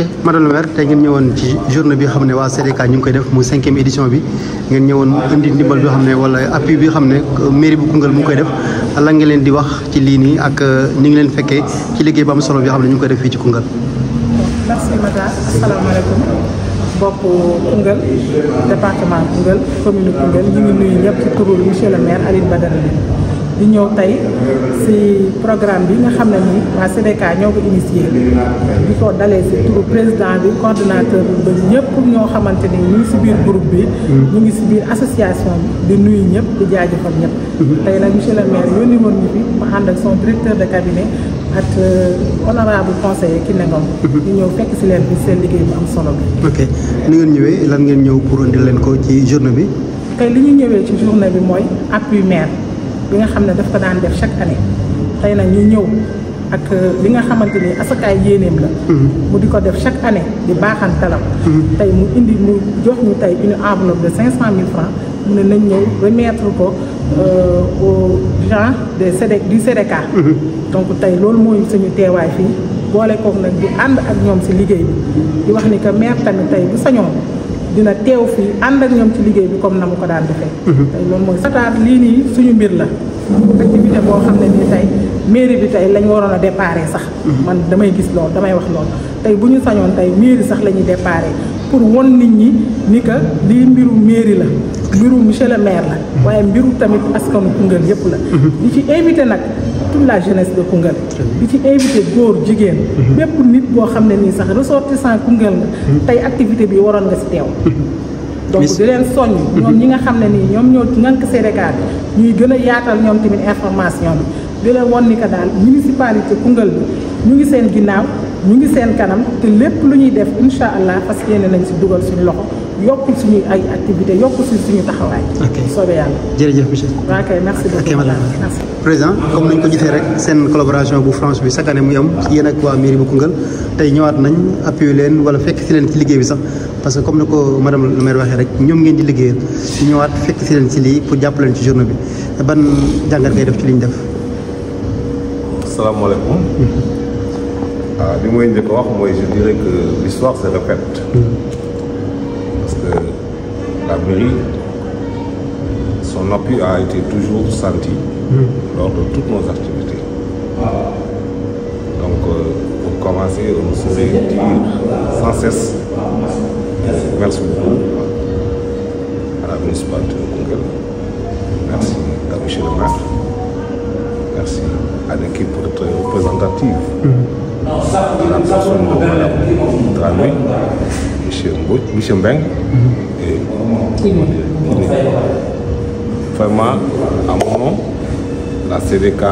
ok madame le maire tey ngeen ñëwoon ci journée bi xam ne waa CDK ñu ngi koy def mu cinquième édition bi ngeen ñëwoon indi ndimbal bi xam ne wala appui bi xam ne mairie bu Koungheul mu koy def lan nga leen di wax ci lii nii ak euh, ni ngi leen fekkee ci liggéey bu am solo bi xam ne ñu ngi koy def fii ci Koungheul. merci madame asalaamaaleykum mbokk Koungheul département Koungheul commune Koungheul ñu ngi nuyu ñëpp ci turu monsieur le maire Alioune Badara di ñëw tey si programme bi nga xam ne nii waa SEDECA ñoo ko initié di ko dalee si turu président bi coordonnateur bi ba ñëpp ñoo xamante ni ñu ngi si biir groupe bi. ñu ngi si biir association bi di nuyu ñëpp di jaajëfal ñëpp. tey nag monsieur le maire yónni woon ñu fi ma ànd ak son directeur de cabinet ak euh, honorable conseiller ki ne nekkoon. ñu ñëw fekk si leen bi seen liggéey bu am solo bi. ok ni ngeen ñëwee lan ngeen ñëw pour indi leen ko ci journée bi. li ñu ñëwee ci journée bi mooy appui maire. bi nga xam ne daf ko daan def chaque année tey nag ñu ñëw ak euh, li nga xamante ni asakaay yéeneem la mhm. mu di ko def chaque année di baaxantalam mhm. tey mu indi mu jox ñu tey une enveloppe de cinq cent mille francs mu ne nañ ñëw remettre ko euh, aux gens des SEDEC du SEDECA mhm. donc tey loolu mooy suñu teewaay fii boole koog nag di ànd ak ñoom si liggéey bi di wax ni que maire tamit tey bu sañoon dina teew fii ànd ak ñoom ci liggéey bi comme na mu ko daan defee. Mhm. tey loolu mooy Sotar lii nii suñu mbir la. activité koo xam ne nii tey mairie bi tey lañu waroon a déparé sax. Mhm. man damay gis loolu damay wax loolu tey bu ñu sañoon tey mairie sax lañuy ñuy pour won nit ñi ni ko lii mbiru mairie la. mbiru monsieur le maire la waaye mbiru tamit askanu Koungheul yëpp la mhm. di ci invité nag tout la jeunesse de Koungheul bi ci invité góor jigéen mhm. bépp nit boo xam ne nii sax ressortissant Koungheul nga mhm. tey activité bi waroon nga si teew donc di leen soññ ñoom ñi nga xam ne nii ñoom ñoo ngànk Sénégal ñuy gën a yaatal ñoom tamit information bi di leen won ni ko daal municipalité Koungheul bi ñu ngi seen ginnaaw ñu ngi seen kanam te lépp lu ñuy def incha allah fas yéene nañ si dugal suñu loxo yokkul suñu ay activité yokkul si suñu taxawaay. ok soobee yàlla. jërëjëf monsieur. waaw kay merci beaucoup merci. président comme ko gisee rek seen collaboration bu France bi chaque année muy am yéen ak waa mairie bu Koungheul te ñëwaat nañ appuyé leen wala fekk si leen ci liggéey bi sax parce que comme ni ko madame le waxee rek ñoom ngeen di liggéeyal ñu ñëwaat fekk si leen ci lii pour jàpp ci journée bi ban jàngat ngay def ci li ñu def. waaw euh, li mooy njëkk wax mooy je dirais que l'histoire se répète parce que la mairie son appui a été toujours senti lors de toutes nos activités donc euh, pour commencer on dire sans cesse merci beaucoup à la municipalité de Koungheul merci à monsieur le maire représentative traduit monsieur Mbodj monsieur Mbeng et vraiment à mon nom la CDK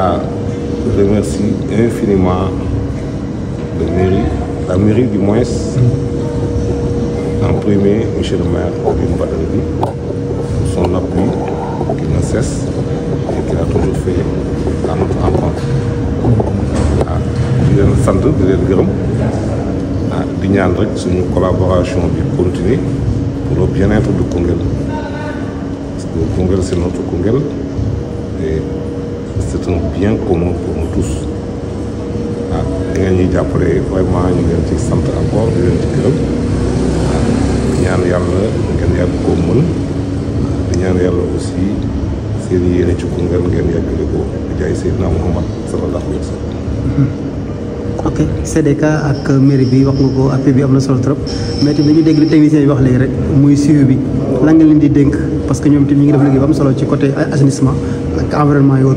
remercie infiniment le mairie la mairie du moins en premier monsieur maire Alioune Badara Ly pour son appui qui ne cesse et qu'il a toujours fait à sant di leen gërëm ah di ñaan rek suñu collaboration bi continue pour le bien-être du Koungheul parce que Koungheul c'est notre Koungheul et c'est un bien commun ah, di jàppale vraiment ñu leen ci sant encore di leen ci gërëm ah, di ñaan yàlla ngeen yàgg koo mën ah, di ñaan yàlla aussi seen yéene ci Koungheul ngeen yàggale ko di jaay Seydina Mouhamad sallallahu alayhi wa sallam ok CDK ak mairie bi wax nga ko appui bi am na solo trop mais tamit dañu dégg li technicien yi wax léegi rek muy suivi bi lan nga leen di dénk parce que ñoom tamit ñu ngi def liggéey solo ci côté assainissement ak environnement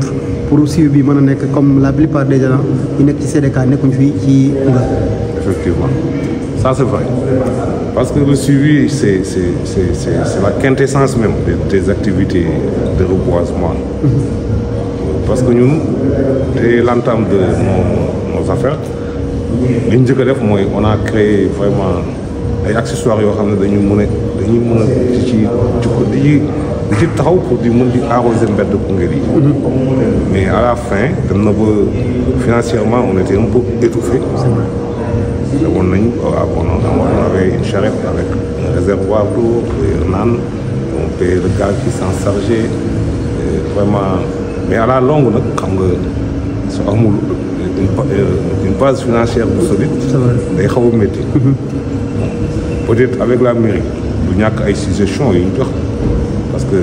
pour suivi bi mën a nekk comme la plupart des gens yi nekk ci CDK fii ci Louga. effectivement ça c'est parce que le suivi c'est c'est c'est c'est la quintessence même des, des activités de reboisement. Mm parce que ñun dès nos affaires. li ñu njëkk a def mooy on a créé vraiment ay accessoires yoo xam ne dañu mën a dañuy mën a di ci di di ci taxaw pour di mën di arroser mbedd Koungheul yi. mais à la fin dem na ba financièrement on était un peu étouffé. demoon nañ waaw bon on avait une charrette avec un réservoir d'eau un âne on payait le gaz qui s'en chargeait vraiment mais à la longue nag xam nga su amul. une, euh, une base financière bu solide. day xaw a métti. peut-être avec la mairie du ñàkk ay suggestions yu ñu jox parce que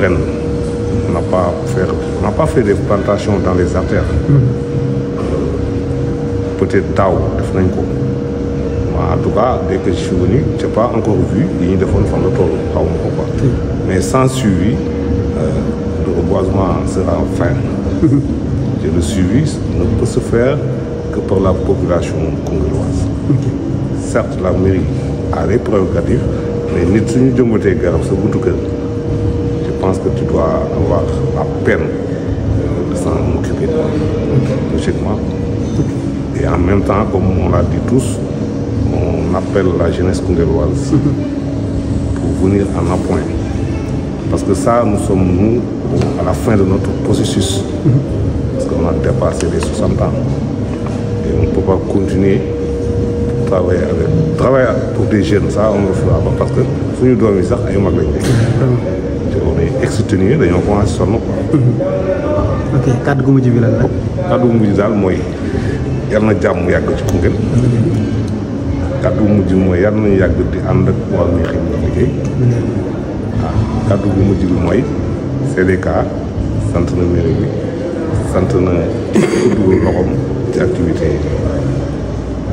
ren on n'a pas fait des plantations dans les artères. Mm-hmm. Euh, peut-être daaw def nañ ko. en tout cas dès que je suis pas encore vu li ñu defoon fan la toll xaw ma mm-hmm. mais sans suivi euh, le reboisement sera fin Et le suivi ne peut se faire que par la population congoloise. Certes, la mairie a les prérogatives, mais nit suñu jëmbatee garab sa buntu kër je pense que tu dois avoir la peine euh, de s'en occuper logiquement. Et en même temps, comme on l'a dit tous, on appelle la jeunesse congoloise pour venir en appoint. Parce que ça, nous sommes, nous, à la fin de notre processus. on a dépassé les 60 ans. Et on ne continuer à travailler avec. Travailler pour des jeunes, ça, on ne le fera pas parce que si nous dormons ça, on va On est exténué, on commence à sonner. Mm-hmm. ok mujj bi lan la. kàddu gu mujj daal mooy yal yàgg ci Koungheul. Mm-hmm. kàddu gu mujj mooy nañu yàgg di ànd ak wàllu ñuy xëy na liggéey. waaw mm-hmm. ah, kàddu mujj bi mooy CDK sant na mairie bi. sant na ku dugal ci activité yi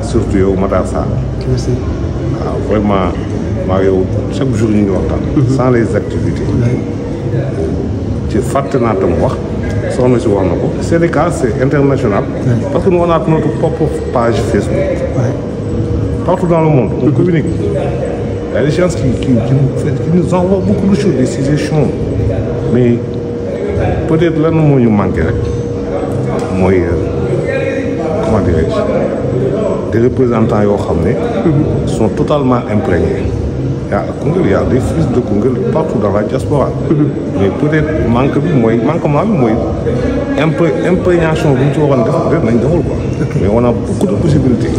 surtout yow Matar waaw vraiment maa yow chaque jour ñu ngi waxtaan. Mhm. sans les activités. ci fàtte naa tam wax. soxna si wax na ko. Sénégal c'est international. parce que nous on a propre page Facebook. partout dans le monde. on communique. Il y a des gens qui, qui, qui, qui nous envoient beaucoup de choses, Mais peut-être lan moo ñu manqué rek mooy euh, comment dirais-je des représentants yoo xam ne. Mhm. sont totalement imprégnés. yaa Koungheul yaa des fils de Koungheul partout dans la diaspora. Mhm. mais peut-être manque bi mooy manquement bi mooy impré imprégnation buñ ñu ci waroon def peut nañ deful quoi. mais on beaucoup de possibilités.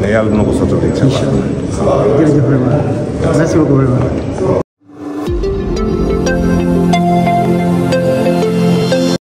mais yàlla dina ko sottali. incha allah jërëjëf vraiment merci beaucoup vraiment.